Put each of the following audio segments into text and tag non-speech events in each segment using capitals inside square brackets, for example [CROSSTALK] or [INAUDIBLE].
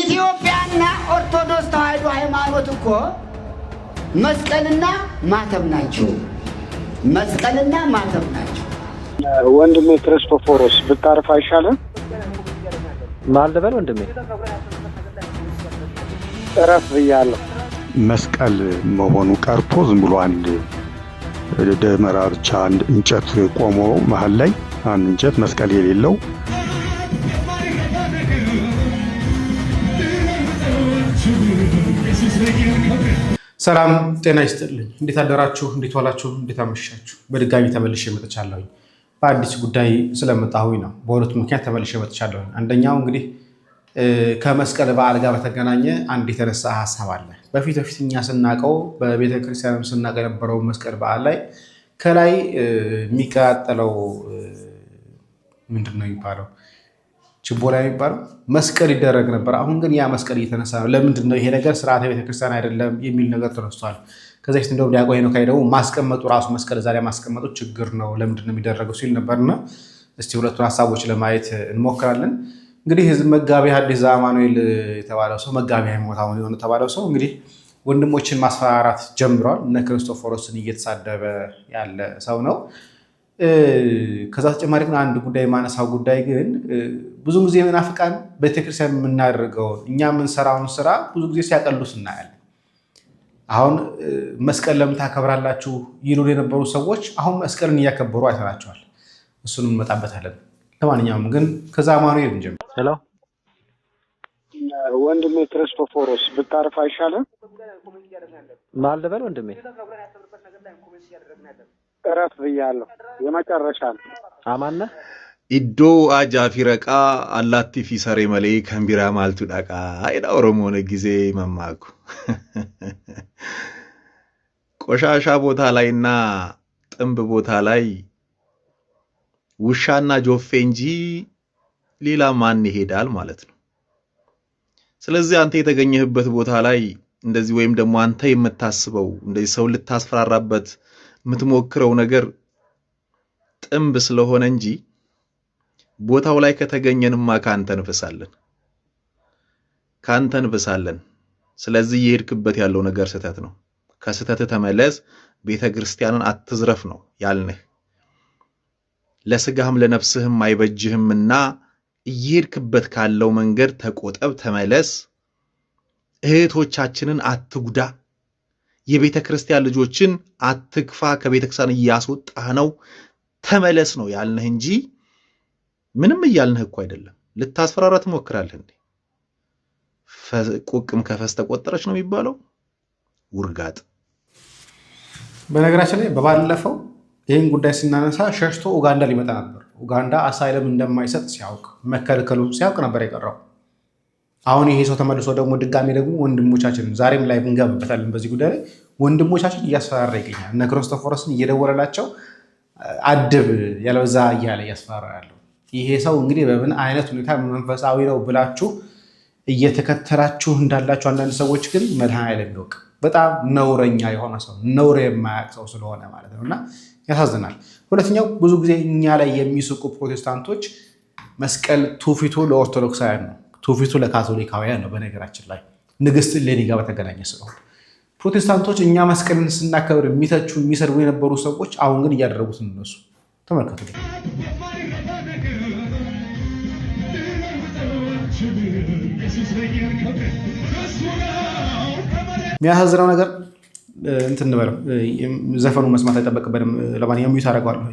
ኢትዮጵያና ኦርቶዶክስ ተዋህዶ ሃይማኖት እኮ መስቀልና ማተብ ናቸው። መስቀልና ማተብ ናቸው። ወንድሜ ክርስቶፎሮስ ብታርፍ አይሻልም? ወንድሜ? እረፍ ብያለሁ። መስቀል መሆኑ ቀርቶ ዝም ብሎ አንድ ደመራ ብቻ እንጨት ቆሞ መሀል ላይ አንድ እንጨት መስቀል የሌለው ሰላም ጤና ይስጥልኝ። እንዴት አደራችሁ? እንዴት ዋላችሁ? እንዴት አመሻችሁ? በድጋሚ ተመልሼ መጥቻለሁኝ። በአዲስ ጉዳይ ስለመጣሁኝ ነው። በሁለቱ ምክንያት ተመልሼ መጥቻለሁኝ። አንደኛው እንግዲህ ከመስቀል በዓል ጋር በተገናኘ አንድ የተነሳ ሀሳብ አለ። በፊት በፊት እኛ ስናቀው በቤተክርስቲያንም ስናቀው የነበረው መስቀል በዓል ላይ ከላይ የሚቀጣጠለው ምንድን ነው የሚባለው ችቦ ላይ የሚባለው መስቀል ይደረግ ነበር። አሁን ግን ያ መስቀል እየተነሳ ነው። ለምንድን ነው ይሄ ነገር ስርዓተ ቤተክርስቲያን አይደለም የሚል ነገር ተነስቷል። ከዚ ፊት እንደውም ዲያቆን ሄኖክ ደግሞ ማስቀመጡ ራሱ መስቀል እዛ ላይ ማስቀመጡ ችግር ነው፣ ለምንድን ነው የሚደረገው ሲል ነበርና እስቲ ሁለቱን ሀሳቦች ለማየት እንሞክራለን። እንግዲህ መጋቢ ሐዲስ ዘአማኑኤል የተባለው ሰው መጋቢ ሃይሞት አሁን የሆነ የተባለው ሰው እንግዲህ ወንድሞችን ማስፈራራት ጀምሯል። እነ ክርስቶፎሮስን እየተሳደበ ያለ ሰው ነው። ከዛ ተጨማሪ ግን አንድ ጉዳይ የማነሳው ጉዳይ ግን ብዙ ጊዜ መናፍቃን ቤተክርስቲያን የምናደርገውን እኛ የምንሰራውን ስራ ብዙ ጊዜ ሲያቀሉ ስናያለን። አሁን መስቀል ለምን ታከብራላችሁ ይሉን የነበሩ ሰዎች አሁን መስቀልን እያከበሩ አይተናቸዋል። እሱን እንመጣበታለን። ለማንኛውም ግን ከዛ አማኑኤል እንጀምር። ወንድሜ ክርስቶፎሮስ ብታርፍ አይሻልም? ማልበል ወንድሜ እረፍ ብያለሁ። የመጨረሻ ነው። አማነ ኢዶ አጃፊ ረቃ አላቲ ፊሰሬ መሌ ከንቢራ ማልቱ ዳቃ አይዳ ኦሮሞነ ጊዜ መማኩ [LAUGHS] ቆሻሻ ቦታ ላይ ላይና ጥንብ ቦታ ላይ ውሻና ጆፌ እንጂ ሌላ ማን ይሄዳል ማለት ነው። ስለዚህ አንተ የተገኘህበት ቦታ ላይ እንደዚህ ወይም ደግሞ አንተ የምታስበው እንደዚህ ሰው ልታስፈራራበት የምትሞክረው ነገር ጥንብ ስለሆነ እንጂ ቦታው ላይ ከተገኘንማ ካንተ እንፈሳለን ካንተ እንፈሳለን። ስለዚህ እየሄድክበት ያለው ነገር ስህተት ነው። ከስህተት ተመለስ። ቤተ ክርስቲያንን አትዝረፍ ነው ያልንህ። ለስጋህም ለነፍስህም አይበጅህምና እየሄድክበት ካለው መንገድ ተቆጠብ፣ ተመለስ። እህቶቻችንን አትጉዳ። የቤተ ክርስቲያን ልጆችን አትክፋ ከቤተ ክርስቲያን እያስወጣህ ነው፣ ተመለስ ነው ያልንህ እንጂ ምንም እያልንህ እኮ አይደለም። ልታስፈራራ ትሞክራለህ እንዴ? ቁቅም ከፈስ ተቆጠረች ነው የሚባለው። ውርጋጥ። በነገራችን ላይ በባለፈው ይህን ጉዳይ ስናነሳ ሸሽቶ ኡጋንዳ ሊመጣ ነበር። ኡጋንዳ አሳይለም እንደማይሰጥ ሲያውቅ መከልከሉ ሲያውቅ ነበር የቀረው አሁን ይሄ ሰው ተመልሶ ደግሞ ድጋሜ ደግሞ ወንድሞቻችን ዛሬም ላይ እንገባበታለን በዚህ ጉዳይ ላይ ወንድሞቻችን እያስፈራራ ይገኛል። እነ ክሮስቶፎረስን እየደወለላቸው አድብ ያለበዛ እያለ እያስፈራራ ያለው ይሄ ሰው እንግዲህ በምን አይነት ሁኔታ መንፈሳዊ ነው ብላችሁ እየተከተላችሁ እንዳላችሁ አንዳንድ ሰዎች ግን መድኃኔዓለም ይወቅ በጣም ነውረኛ የሆነ ሰው ነውር የማያውቅ ሰው ስለሆነ ማለት ነው እና ያሳዝናል። ሁለተኛው ብዙ ጊዜ እኛ ላይ የሚስቁ ፕሮቴስታንቶች መስቀል ትውፊቱ ለኦርቶዶክሳውያን ነው ትውፊቱ ለካቶሊካውያን ነው። በነገራችን ላይ ንግስት እሌኒ ጋር በተገናኘ ስለሆነ ፕሮቴስታንቶች እኛ መስቀልን ስናከብር የሚተቹ የሚሰድቡ የነበሩ ሰዎች አሁን ግን እያደረጉት እነሱ ተመልከቱ። የሚያሳዝነው ነገር እንትን በለው ዘፈኑ መስማት አይጠበቅበትም። ለማንኛውም ሚዩት አደርገዋለሁ።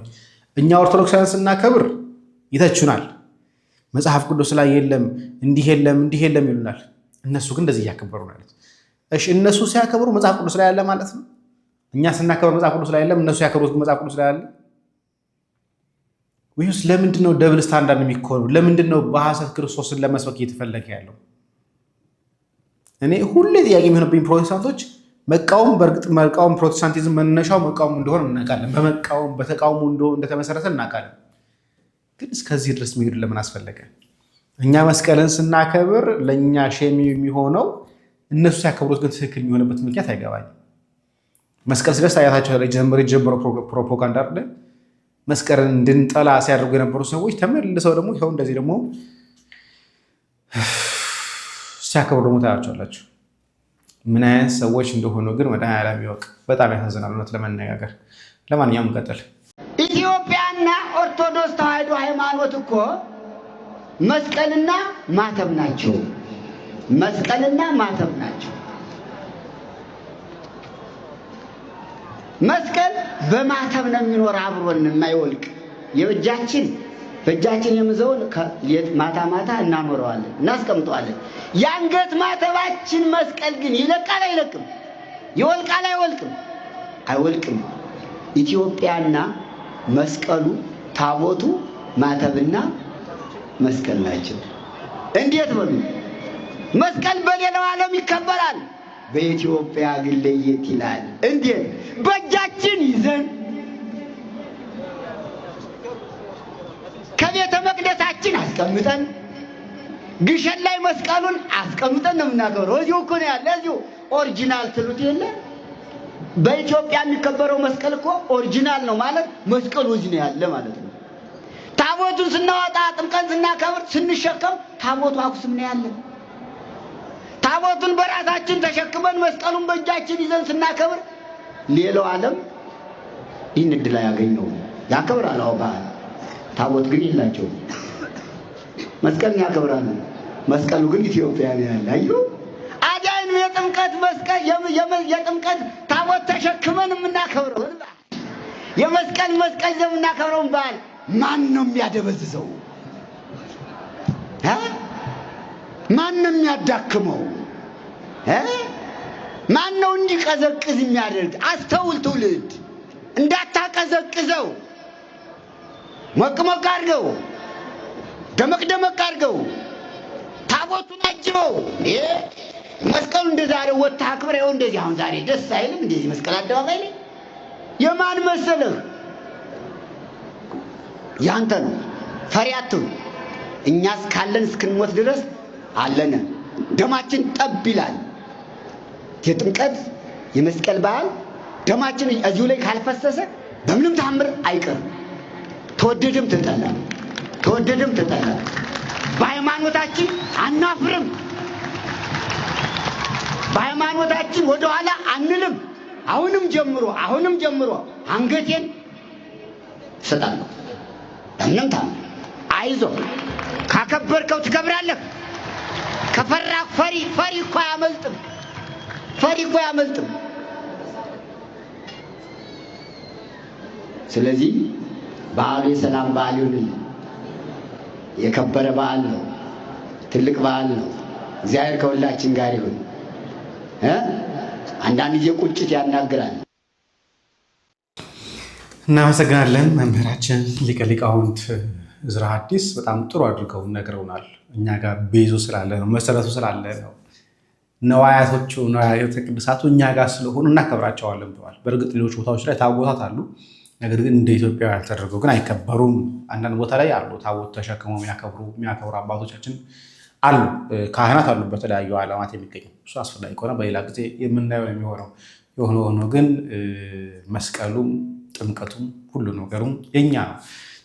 እኛ ኦርቶዶክሳውያን ስናከብር ይተቹናል። መጽሐፍ ቅዱስ ላይ የለም እንዲህ የለም እንዲህ የለም ይሉናል። እነሱ ግን እንደዚህ እያከበሩ ማለት እሺ፣ እነሱ ሲያከብሩ መጽሐፍ ቅዱስ ላይ ያለ ማለት ነው። እኛ ስናከብር መጽሐፍ ቅዱስ ላይ የለም፣ እነሱ ያከብሩት መጽሐፍ ቅዱስ ላይ ያለ ወይስ ለምንድን ነው ደብል ስታንዳርድ የሚኮኑ? ለምንድን ነው በሐሰት ክርስቶስን ለመስበክ እየተፈለገ ያለው? እኔ ሁሌ ጥያቄ የሚሆንብኝ ፕሮቴስታንቶች መቃወም በእርግጥ መቃወም ፕሮቴስታንቲዝም መነሻው መቃወም እንደሆነ እናውቃለን። በመቃወም በተቃውሞ እንደተመሰረተ እናውቃለን። ግን እስከዚህ ድረስ መሄዱ ለምን አስፈለገ? እኛ መስቀልን ስናከብር ለእኛ ሼሚ የሚሆነው እነሱ ሲያከብሩት ግን ትክክል የሚሆንበት ምክንያት አይገባኝም። መስቀል ሲደርስ አያታቸው ጀምር የጀመረው ፕሮፓጋንዳ አለ። መስቀልን እንድንጠላ ሲያደርጉ የነበሩ ሰዎች ተመልሰው ደግሞ ይኸው እንደዚህ ደግሞ ሲያከብሩ ደግሞ ታያቸዋላችሁ። ምን አይነት ሰዎች እንደሆኑ ግን መድኃኒዓለም ይወቅ። በጣም ያሳዝናል፣ እውነት ለመነጋገር። ለማንኛውም ቀጥል ኢትዮጵያ የኦርቶዶክስ ተዋሕዶ ሃይማኖት እኮ መስቀልና ማተብ ናቸው። መስቀልና ማተብ ናቸው። መስቀል በማተብ ነው የሚኖር አብሮን የማይወልቅ የእጃችን በእጃችን የምዘውን ማታ ማታ እናኖረዋለን፣ እናስቀምጠዋለን። የአንገት ማተባችን መስቀል ግን ይለቃል አይለቅም? ይወልቃል አይወልቅም? አይወልቅም። ኢትዮጵያና መስቀሉ ታቦቱ ማተብና መስቀል ናቸው። እንዴት በሉ። መስቀል በሌላው ዓለም ይከበራል፣ በኢትዮጵያ ግን ለየት ይላል። እንዴት? በእጃችን ይዘን ከቤተ መቅደሳችን አስቀምጠን ግሸን ላይ መስቀሉን አስቀምጠን ነው የምናከብረው። እዚሁ እኮ ነው ያለ። እዚሁ ኦሪጂናል ትሉት የለ። በኢትዮጵያ የሚከበረው መስቀል እኮ ኦሪጂናል ነው ማለት መስቀሉ እዚህ ነው ያለ ማለት ነው። ታቦቱን ስናወጣ ጥምቀን ስናከብር ስንሸከም ታቦቱ አኩስም ነው ያለን። ታቦቱን በራሳችን ተሸክመን መስቀሉን በእጃችን ይዘን ስናከብር ሌላው ዓለም ይህን እድል ያገኘው ያከብራል፣ አዎ በዓል ታቦት ግን የላቸውም። መስቀልን ያከብራሉ፣ መስቀሉ ግን ኢትዮጵያ ነው ያለ። አዩ አዲያን የጥምቀት መስቀል የጥምቀት ታቦት ተሸክመን የምናከብረው የመስቀል መስቀል የምናከብረውን በዓል ማን ነው የሚያደበዝዘው? ማን ነው የሚያዳክመው? ማን ነው እንዲቀዘቅዝ የሚያደርግ? አስተውል ትውልድ፣ እንዳታቀዘቅዘው። ሞቅ ሞቅ አድርገው፣ ደመቅ ደመቅ አድርገው፣ ታቦቱን አጅበው። መስቀሉ እንደ ዛሬ ወጥተህ አክብረው። እንደዚህ አሁን ዛሬ ደስ አይልም? እንደዚህ መስቀል አደባባይ ላይ የማን መሰለህ? ያንተ ነው። ፈሪ እኛስ እኛ እስካለን እስክንሞት ድረስ አለን። ደማችን ጠብ ይላል። የጥምቀት የመስቀል በዓል ደማችን እዚሁ ላይ ካልፈሰሰ በምንም ታምር አይቀርም። ተወደድም ተጠላ፣ ተወደድም ተጠላ በሃይማኖታችን አናፍርም። በሃይማኖታችን ወደኋላ አንልም። አሁንም ጀምሮ አሁንም ጀምሮ አንገቴን እሰጣለሁ። እምንታም አይዞ ካከበርከው ትከብራለህ። ከፈራ ፈሪ ፈሪ እኮ አያመልጥም። ፈሪ እኮ አያመልጥም። ስለዚህ በዓሉ የሰላም በዓል ይሁንልን። የከበረ በዓል ነው። ትልቅ በዓል ነው። እግዚአብሔር ከሁላችን ጋር ይሁን። አንዳንድ ጊዜ ቁጭት ያናግራል። እናመሰግናለን መምህራችን ሊቀ ሊቃውንት ዕዝራ በጣም ጥሩ አድርገው ነግረውናል። እኛ ጋር ቤዙ ስላለ ነው መሰረቱ ስላለ ነው ነዋያቶቹ ነዋያተ ቅድሳቱ እኛ ጋር ስለሆኑ እናከብራቸዋለን ብለዋል። በእርግጥ ሌሎች ቦታዎች ላይ ታቦታት አሉ። ነገር ግን እንደ ኢትዮጵያ ያልተደረገው ግን አይከበሩም። አንዳንድ ቦታ ላይ አሉ ታቦት ተሸክመው የሚያከብሩ አባቶቻችን አሉ፣ ካህናት አሉ በተለያዩ ዓለማት የሚገኙ እሱ አስፈላጊ ከሆነ በሌላ ጊዜ የምናየው የሚሆነው የሆነ ሆኖ ግን መስቀሉም ጥምቀቱም ሁሉ ነገሩም የኛ ነው።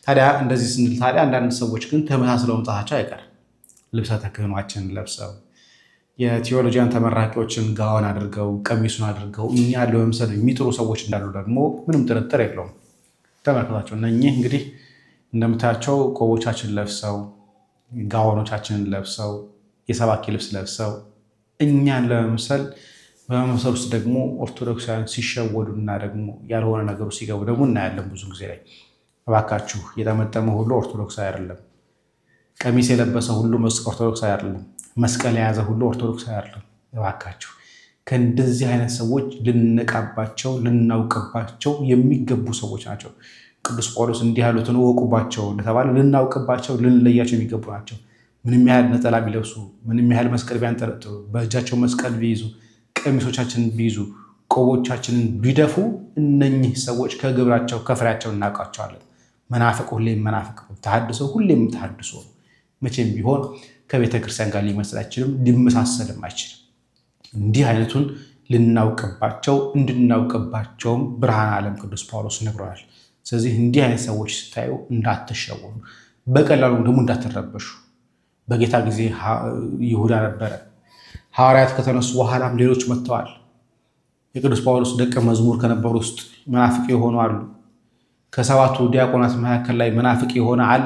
ታዲያ እንደዚህ ስንል ታዲያ አንዳንድ ሰዎች ግን ተመሳስለው መምጣታቸው አይቀርም። ልብሰ ተክህኗችን ለብሰው የቴዎሎጂያን ተመራቂዎችን ጋዋን አድርገው ቀሚሱን አድርገው እኛ ለመምሰል የሚጥሩ ሰዎች እንዳሉ ደግሞ ምንም ጥርጥር የለውም። ተመልከቷቸው። እነኚህ እንግዲህ እንደምታያቸው ቆቦቻችን ለብሰው ጋዋኖቻችንን ለብሰው የሰባኪ ልብስ ለብሰው እኛን ለመምሰል በመምሰል ውስጥ ደግሞ ኦርቶዶክሳውያን እና ደግሞ ያልሆነ ነገሩ ሲገቡ ደግሞ እናያለን። ብዙ ጊዜ ላይ እባካችሁ የጠመጠመ ሁሉ ኦርቶዶክስ አይደለም። ቀሚስ የለበሰ ሁሉ ኦርቶዶክስ አይደለም። መስቀል የያዘ ሁሉ ኦርቶዶክስ አይደለም። እባካችሁ ከእንደዚህ አይነት ሰዎች ልንነቃባቸው ልናውቅባቸው የሚገቡ ሰዎች ናቸው። ቅዱስ ጳውሎስ እንዲህ ያሉትን እወቁባቸው እንደተባለ ልናውቅባቸው ልንለያቸው የሚገቡ ናቸው። ምንም ያህል ነጠላ ቢለብሱ፣ ምንም ያህል መስቀል ቢያንጠለጥሉ፣ በእጃቸው መስቀል ቢይዙ ቀሚሶቻችንን ቢይዙ፣ ቆቦቻችንን ቢደፉ እነኚህ ሰዎች ከግብራቸው ከፍሬያቸው እናውቃቸዋለን። መናፍቅ ሁሌም መናፍቅ ነው። ተሐድሶ ሁሌም ተሐድሶ ነው። መቼም ቢሆን ከቤተ ክርስቲያን ጋር ሊመስል አይችልም፣ ሊመሳሰልም አይችልም። እንዲህ አይነቱን ልናውቅባቸው እንድናውቅባቸውም ብርሃን ዓለም ቅዱስ ጳውሎስ ነግሯል። ስለዚህ እንዲህ አይነት ሰዎች ስታዩ እንዳትሸወኑ፣ በቀላሉ ደግሞ እንዳትረበሹ። በጌታ ጊዜ ይሁዳ ነበረ ሐዋርያት ከተነሱ በኋላም ሌሎች መጥተዋል። የቅዱስ ጳውሎስ ደቀ መዝሙር ከነበሩ ውስጥ መናፍቅ የሆኑ አሉ። ከሰባቱ ዲያቆናት መካከል ላይ መናፍቅ የሆነ አለ፣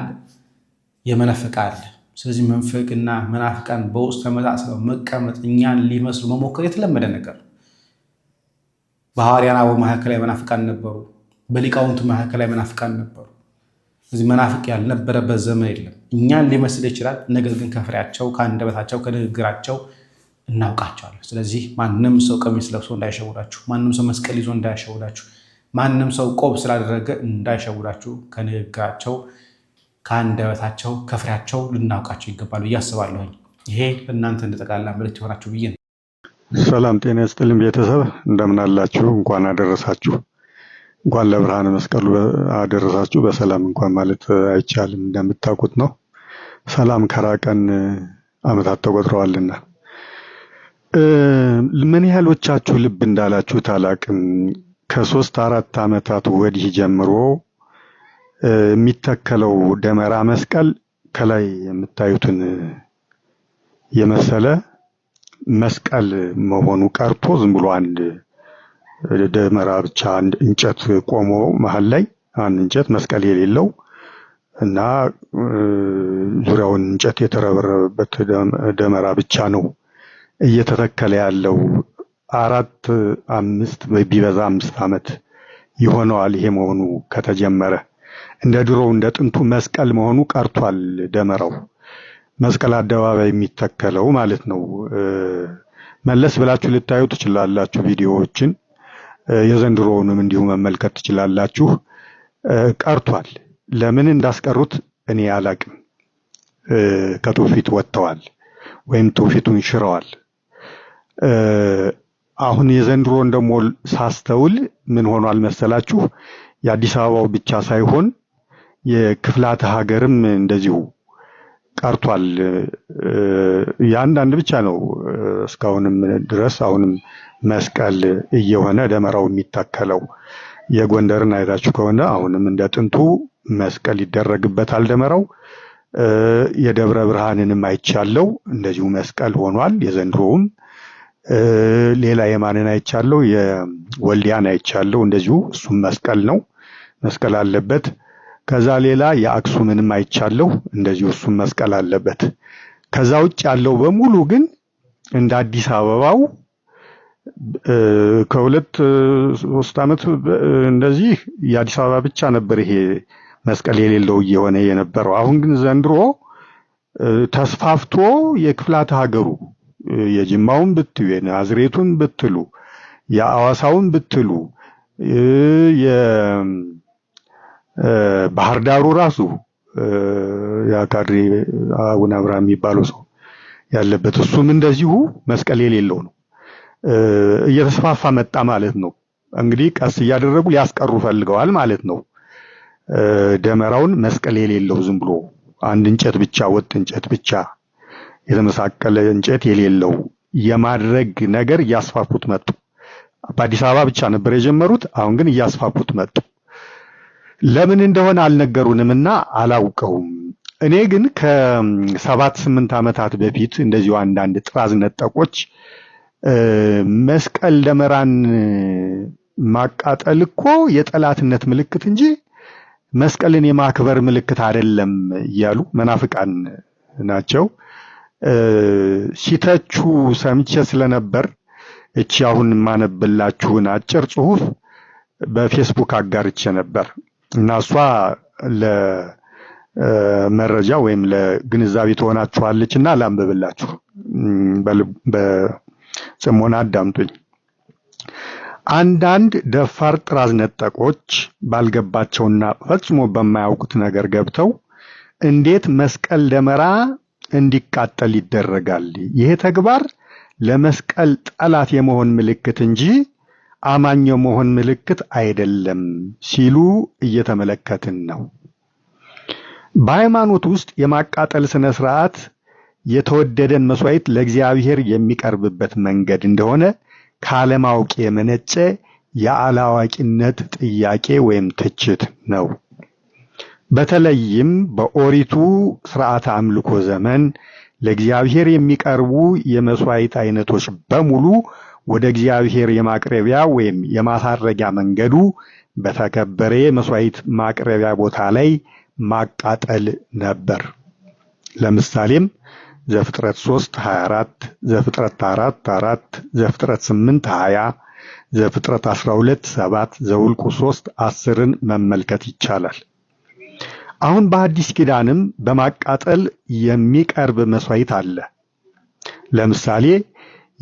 የመነፈቀ አለ። ስለዚህ መንፈቅና መናፍቃን በውስጥ ተመሳስለው መቀመጥ እኛን ሊመስሉ መሞከር የተለመደ ነገር። በሐዋርያን አበው መካከል ላይ መናፍቃን ነበሩ። በሊቃውንቱ መካከል ላይ መናፍቃን ነበሩ። ዚህ መናፍቅ ያልነበረበት ዘመን የለም። እኛን ሊመስል ይችላል፣ ነገር ግን ከፍሬያቸው ከአንደበታቸው ከንግግራቸው እናውቃቸዋለን። ስለዚህ ማንም ሰው ቀሚስ ለብሶ እንዳይሸውዳችሁ፣ ማንም ሰው መስቀል ይዞ እንዳይሸውዳችሁ፣ ማንም ሰው ቆብ ስላደረገ እንዳይሸውዳችሁ ከንግግራቸው ከአንደበታቸው ከፍሬያቸው ልናውቃቸው ይገባሉ እያስባለሁኝ። አስባለሁኝ። ይሄ እናንተ እንደጠቃላ መልዕክት የሆናችሁ ብዬ ነው። ሰላም ጤና ይስጥልኝ ቤተሰብ፣ እንደምን አላችሁ? እንኳን አደረሳችሁ። እንኳን ለብርሃነ መስቀሉ አደረሳችሁ። በሰላም እንኳን ማለት አይቻልም፣ እንደምታውቁት ነው። ሰላም ከራቀን ዓመታት ተቆጥረዋልና ምን ያህሎቻችሁ ልብ እንዳላችሁ አላቅም። ከሶስት አራት ዓመታት ወዲህ ጀምሮ የሚተከለው ደመራ መስቀል ከላይ የምታዩትን የመሰለ መስቀል መሆኑ ቀርቶ ዝም ብሎ አንድ ደመራ ብቻ አንድ እንጨት ቆሞ መሀል ላይ አንድ እንጨት መስቀል የሌለው እና ዙሪያውን እንጨት የተረበረበበት ደመራ ብቻ ነው እየተተከለ ያለው አራት አምስት ቢበዛ አምስት ዓመት ይሆነዋል። ይሄ መሆኑ ከተጀመረ እንደ ድሮው እንደ ጥንቱ መስቀል መሆኑ ቀርቷል። ደመራው መስቀል አደባባይ የሚተከለው ማለት ነው። መለስ ብላችሁ ልታዩ ትችላላችሁ ቪዲዮዎችን። የዘንድሮውንም እንዲሁ መመልከት ትችላላችሁ። ቀርቷል። ለምን እንዳስቀሩት እኔ አላቅም። ከትውፊት ወጥተዋል ወይም ትውፊቱን ሽረዋል። አሁን የዘንድሮን ደግሞ ሳስተውል ምን ሆኗል መሰላችሁ? የአዲስ አበባው ብቻ ሳይሆን የክፍላተ ሀገርም እንደዚሁ ቀርቷል። የአንዳንድ ብቻ ነው እስካሁንም ድረስ አሁንም መስቀል እየሆነ ደመራው የሚታከለው። የጎንደርን አይታችሁ ከሆነ አሁንም እንደ ጥንቱ መስቀል ይደረግበታል ደመራው። የደብረ ብርሃንንም አይቻለው እንደዚሁ መስቀል ሆኗል የዘንድሮውም ሌላ የማንን አይቻለው? የወልዲያን አይቻለው። እንደዚሁ እሱም መስቀል ነው፣ መስቀል አለበት። ከዛ ሌላ የአክሱምንም አይቻለው፣ እንደዚሁ እሱም መስቀል አለበት። ከዛ ውጭ ያለው በሙሉ ግን እንደ አዲስ አበባው ከሁለት ሶስት ዓመት እንደዚህ የአዲስ አበባ ብቻ ነበር ይሄ መስቀል የሌለው እየሆነ የነበረው። አሁን ግን ዘንድሮ ተስፋፍቶ የክፍላተ ሀገሩ የጅማውን ብትዩ የናዝሬቱን ብትሉ የአዋሳውን ብትሉ የባህር ዳሩ ራሱ የአካድሬ አቡነ አብርሃም የሚባለው ሰው ያለበት እሱም እንደዚሁ መስቀል የሌለው ነው። እየተስፋፋ መጣ ማለት ነው። እንግዲህ ቀስ እያደረጉ ሊያስቀሩ ፈልገዋል ማለት ነው። ደመራውን መስቀል የሌለው ዝም ብሎ አንድ እንጨት ብቻ ወጥ እንጨት ብቻ የተመሳቀለ እንጨት የሌለው የማድረግ ነገር እያስፋፉት መጡ። በአዲስ አበባ ብቻ ነበር የጀመሩት። አሁን ግን እያስፋፉት መጡ። ለምን እንደሆነ አልነገሩንምና አላውቀውም። እኔ ግን ከሰባት ስምንት ዓመታት በፊት እንደዚሁ አንዳንድ ጥራዝ ነጠቆች መስቀል ደመራን ማቃጠል እኮ የጠላትነት ምልክት እንጂ መስቀልን የማክበር ምልክት አይደለም እያሉ መናፍቃን ናቸው ሲተቹ ሰምቼ ስለነበር እቺ አሁን ማነብላችሁን አጭር ጽሁፍ በፌስቡክ አጋርቼ ነበር እና እሷ ለመረጃ ወይም ለግንዛቤ ትሆናችኋለች እና ላንብብላችሁ። በጽሞና አዳምጡኝ። አንዳንድ ደፋር ጥራዝ ነጠቆች ባልገባቸውና ፈጽሞ በማያውቁት ነገር ገብተው እንዴት መስቀል ደመራ እንዲቃጠል ይደረጋል። ይሄ ተግባር ለመስቀል ጠላት የመሆን ምልክት እንጂ አማኝ የመሆን ምልክት አይደለም ሲሉ እየተመለከትን ነው። በሃይማኖት ውስጥ የማቃጠል ስነ ስርዓት የተወደደን መስዋዕት ለእግዚአብሔር የሚቀርብበት መንገድ እንደሆነ ካለማወቅ የመነጨ የአላዋቂነት ጥያቄ ወይም ትችት ነው። በተለይም በኦሪቱ ስርዓተ አምልኮ ዘመን ለእግዚአብሔር የሚቀርቡ የመስዋዕት አይነቶች በሙሉ ወደ እግዚአብሔር የማቅረቢያ ወይም የማሳረጊያ መንገዱ በተከበረ የመስዋዕት ማቅረቢያ ቦታ ላይ ማቃጠል ነበር። ለምሳሌም ዘፍጥረት 3 24፣ ዘፍጥረት 4 4፣ ዘፍጥረት 8 20፣ ዘፍጥረት 12 7፣ ዘውልቁ 3 10ን መመልከት ይቻላል። አሁን በአዲስ ኪዳንም በማቃጠል የሚቀርብ መስዋዕት አለ። ለምሳሌ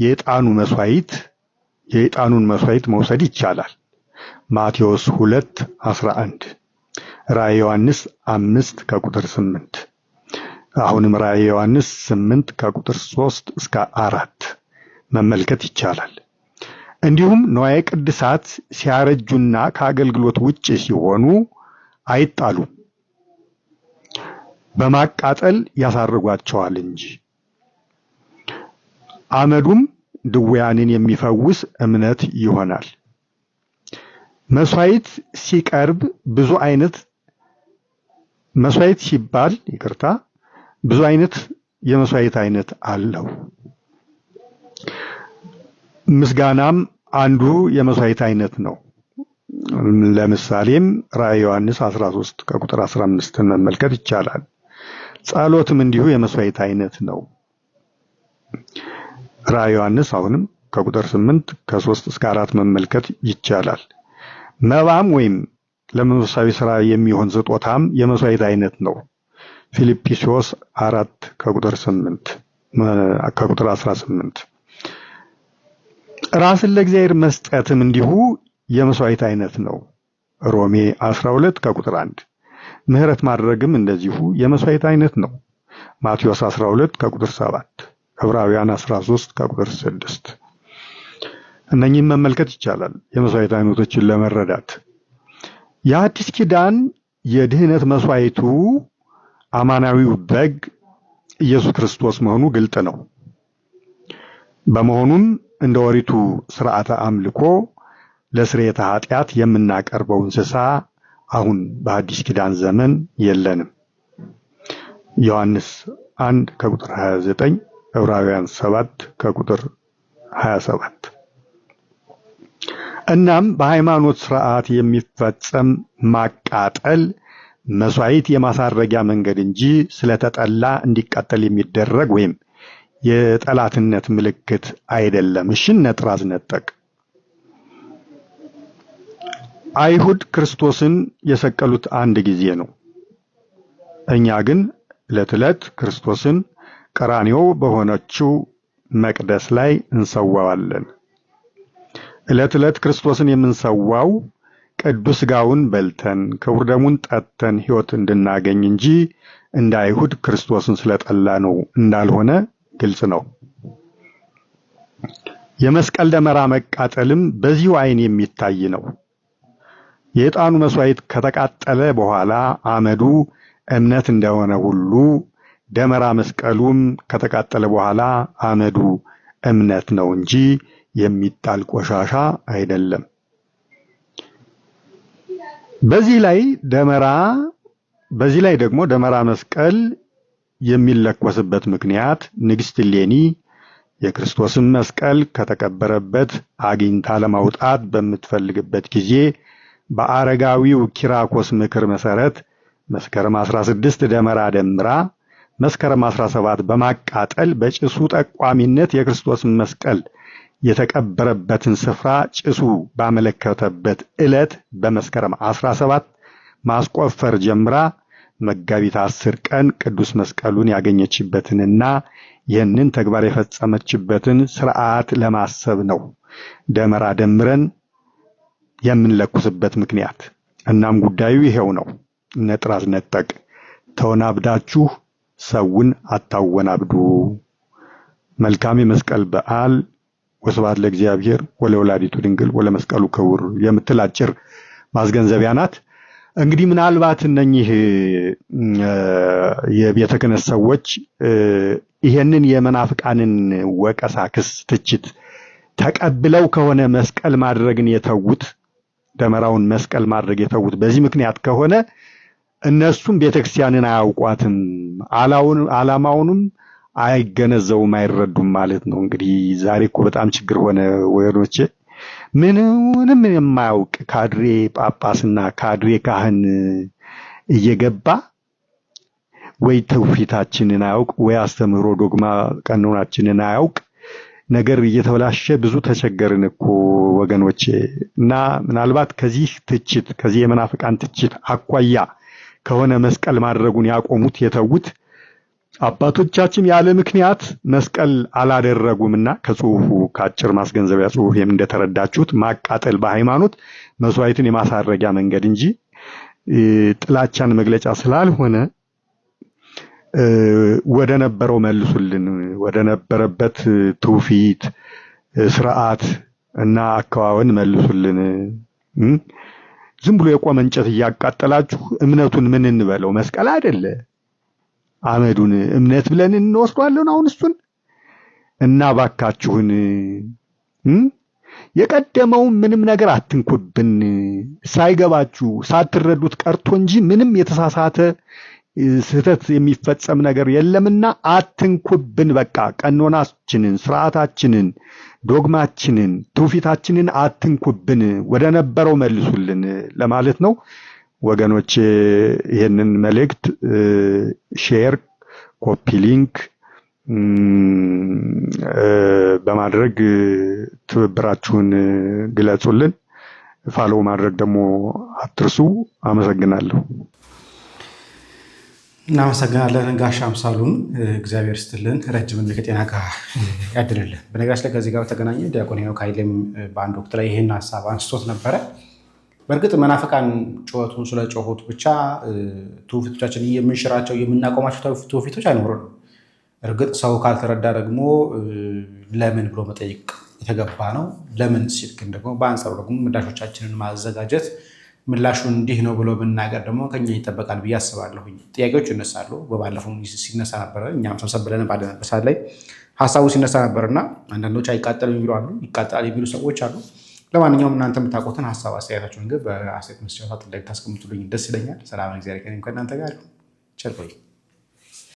የዕጣኑ መስዋዕት የዕጣኑን መስዋዕት መውሰድ ይቻላል። ማቴዎስ 2 11 ራእየ ዮሐንስ 5 ከቁጥር 8 አሁንም ራእየ ዮሐንስ 8 ከቁጥር 3 እስከ 4 መመልከት ይቻላል። እንዲሁም ንዋየ ቅድሳት ሲያረጁና ከአገልግሎት ውጭ ሲሆኑ አይጣሉም። በማቃጠል ያሳርጓቸዋል እንጂ። አመዱም ድውያንን የሚፈውስ እምነት ይሆናል። መስዋዕት ሲቀርብ ብዙ አይነት መስዋዕት ሲባል ይቅርታ፣ ብዙ አይነት የመስዋዕት አይነት አለው። ምስጋናም አንዱ የመስዋዕት አይነት ነው። ለምሳሌም ራዕይ ዮሐንስ 13 ከቁጥር 15ን መመልከት ይቻላል። ጸሎትም እንዲሁ የመስዋዕት አይነት ነው። ራእየ ዮሐንስ አሁንም ከቁጥር 8 ከ3 እስከ 4 መመልከት ይቻላል። መባም ወይም ለመንፈሳዊ ሥራ የሚሆን ስጦታም የመስዋዕት አይነት ነው። ፊልጵስዩስ 4 ከቁጥር 8 ከቁጥር 18 ራስን ለእግዚአብሔር መስጠትም እንዲሁ የመስዋዕት አይነት ነው። ሮሜ 12 ከቁጥር 1 ምህረት ማድረግም እንደዚሁ የመስዋዕት አይነት ነው። ማቴዎስ 12 ከቁጥር 7፣ ዕብራውያን 13 ከቁጥር 6። እነኚህም መመልከት ይቻላል የመስዋዕት አይነቶችን ለመረዳት። የአዲስ ኪዳን የድህነት መስዋዕቱ አማናዊው በግ ኢየሱስ ክርስቶስ መሆኑ ግልጥ ነው። በመሆኑም እንደ ኦሪቱ ስርዓተ አምልኮ ለስርየተ ኃጢአት የምናቀርበው እንስሳ አሁን በአዲስ ኪዳን ዘመን የለንም። ዮሐንስ 1 ከቁጥር 29፣ ዕብራውያን 7 ከቁጥር 27። እናም በሃይማኖት ስርዓት የሚፈጸም ማቃጠል መስዋዕት የማሳረጊያ መንገድ እንጂ ስለተጠላ እንዲቃጠል የሚደረግ ወይም የጠላትነት ምልክት አይደለም። እሺ ነጥራዝ ነጠቅ አይሁድ ክርስቶስን የሰቀሉት አንድ ጊዜ ነው። እኛ ግን ዕለት ዕለት ክርስቶስን ቀራንዮ በሆነችው መቅደስ ላይ እንሰዋዋለን። ዕለት ዕለት ክርስቶስን የምንሰዋው ቅዱስ ሥጋውን በልተን ክቡር ደሙን ጠጥተን ሕይወት እንድናገኝ እንጂ እንደ አይሁድ ክርስቶስን ስለጠላ ነው እንዳልሆነ ግልጽ ነው። የመስቀል ደመራ መቃጠልም በዚሁ ዓይን የሚታይ ነው። የዕጣኑ መስዋዕት ከተቃጠለ በኋላ አመዱ እምነት እንደሆነ ሁሉ ደመራ መስቀሉም ከተቃጠለ በኋላ አመዱ እምነት ነው እንጂ የሚጣል ቆሻሻ አይደለም። በዚህ ላይ ደመራ በዚህ ላይ ደግሞ ደመራ መስቀል የሚለኮስበት ምክንያት ንግስት ሌኒ የክርስቶስን መስቀል ከተቀበረበት አግኝታ ለማውጣት በምትፈልግበት ጊዜ በአረጋዊው ኪራኮስ ምክር መሰረት መስከረም 16 ደመራ ደምራ መስከረም 17 በማቃጠል በጭሱ ጠቋሚነት የክርስቶስ መስቀል የተቀበረበትን ስፍራ ጭሱ ባመለከተበት ዕለት በመስከረም 17 ማስቆፈር ጀምራ መጋቢት 10 ቀን ቅዱስ መስቀሉን ያገኘችበትንና ይህንን ተግባር የፈጸመችበትን ስርዓት ለማሰብ ነው። ደመራ ደምረን የምንለኩስበት ምክንያት። እናም ጉዳዩ ይሄው ነው፣ ነጥራዝ ነጠቅ ተወናብዳችሁ ሰውን አታወናብዱ። መልካም የመስቀል በዓል። ወስብሐት ለእግዚአብሔር ወለወላዲቱ ድንግል ወለመስቀሉ ክቡር የምትል አጭር ማስገንዘቢያ ናት። እንግዲህ ምናልባት እነኚህ የቤተ ክህነት ሰዎች ይሄንን የመናፍቃንን ወቀሳ፣ ክስ፣ ትችት ተቀብለው ከሆነ መስቀል ማድረግን የተዉት ደመራውን መስቀል ማድረግ የተዉት በዚህ ምክንያት ከሆነ እነሱም ቤተክርስቲያንን አያውቋትም፣ ዓላማውንም አይገነዘቡም፣ አይረዱም ማለት ነው። እንግዲህ ዛሬ እኮ በጣም ችግር ሆነ ወገኖቼ። ምንምንም የማያውቅ ካድሬ ጳጳስና ካድሬ ካህን እየገባ ወይ ትውፊታችንን አያውቅ ወይ አስተምህሮ ዶግማ ቀኖናችንን አያውቅ ነገር እየተበላሸ ብዙ ተቸገርን እኮ ወገኖቼ። እና ምናልባት ከዚህ ትችት ከዚህ የመናፍቃን ትችት አኳያ ከሆነ መስቀል ማድረጉን ያቆሙት የተዉት አባቶቻችን ያለ ምክንያት መስቀል አላደረጉምና ከጽሁፉ ከአጭር ማስገንዘቢያ ጽሁፍ እንደተረዳችሁት ማቃጠል በሃይማኖት መስዋዕትን የማሳረጊያ መንገድ እንጂ ጥላቻን መግለጫ ስላልሆነ ወደ ነበረው መልሱልን፣ ወደ ነበረበት ትውፊት፣ ስርዓት እና አከዋወን መልሱልን። ዝም ብሎ የቆመ እንጨት እያቃጠላችሁ እምነቱን ምን እንበለው? መስቀል አይደለ? አመዱን እምነት ብለን እንወስዷለን? አሁን እሱን እና ባካችሁን የቀደመው ምንም ነገር አትንኩብን። ሳይገባችሁ ሳትረዱት ቀርቶ እንጂ ምንም የተሳሳተ ስህተት የሚፈጸም ነገር የለምና አትንኩብን። በቃ ቀኖናችንን፣ ስርዓታችንን፣ ዶግማችንን፣ ትውፊታችንን አትንኩብን፣ ወደ ነበረው መልሱልን ለማለት ነው። ወገኖች ይህንን መልእክት ሼር፣ ኮፒ ሊንክ በማድረግ ትብብራችሁን ግለጹልን። ፋሎ ማድረግ ደግሞ አትርሱ። አመሰግናለሁ። እናመሰግናለን ጋሻ አምሳሉን እግዚአብሔር ስትልን ረጅም ዕድሜ ከጤና ጋር ያድልልን። በነገራችን ላይ ከዚህ ጋር በተገናኘ ዲያቆን ሄኖክ ኃይሌም በአንድ ወቅት ላይ ይህን ሀሳብ አንስቶት ነበረ። በእርግጥ መናፍቃን ጩኸቱን ስለ ጮሁት ብቻ ትውፊቶቻችን የምንሽራቸው የምናቆማቸው ትውፊቶች አይኖሩም። እርግጥ ሰው ካልተረዳ ደግሞ ለምን ብሎ መጠየቅ የተገባ ነው። ለምን ሲል ደግሞ በአንጻሩ ደግሞ ምላሾቻችንን ማዘጋጀት ምላሹ እንዲህ ነው ብሎ ብናገር ደግሞ ከኛ ይጠበቃል ብዬ አስባለሁ። ጥያቄዎች ይነሳሉ። በባለፈው ሲነሳ ነበረ፣ እኛም ሰብሰብ ብለን ባለንበት ሰዓት ላይ ሀሳቡ ሲነሳ ነበር እና አንዳንዶች አይቃጠልም የሚሉ አሉ፣ ይቃጠላል የሚሉ ሰዎች አሉ። ለማንኛውም እናንተ የምታውቁትን ሀሳብ አስተያየታችሁን ግን በአስተያየት መስጫ ሳጥን ላይ ብታስቀምጡልኝ ደስ ይለኛል። ሰላም፣ እግዚአብሔር ከእናንተ ጋር ይሁን። ቸር ቆዩ።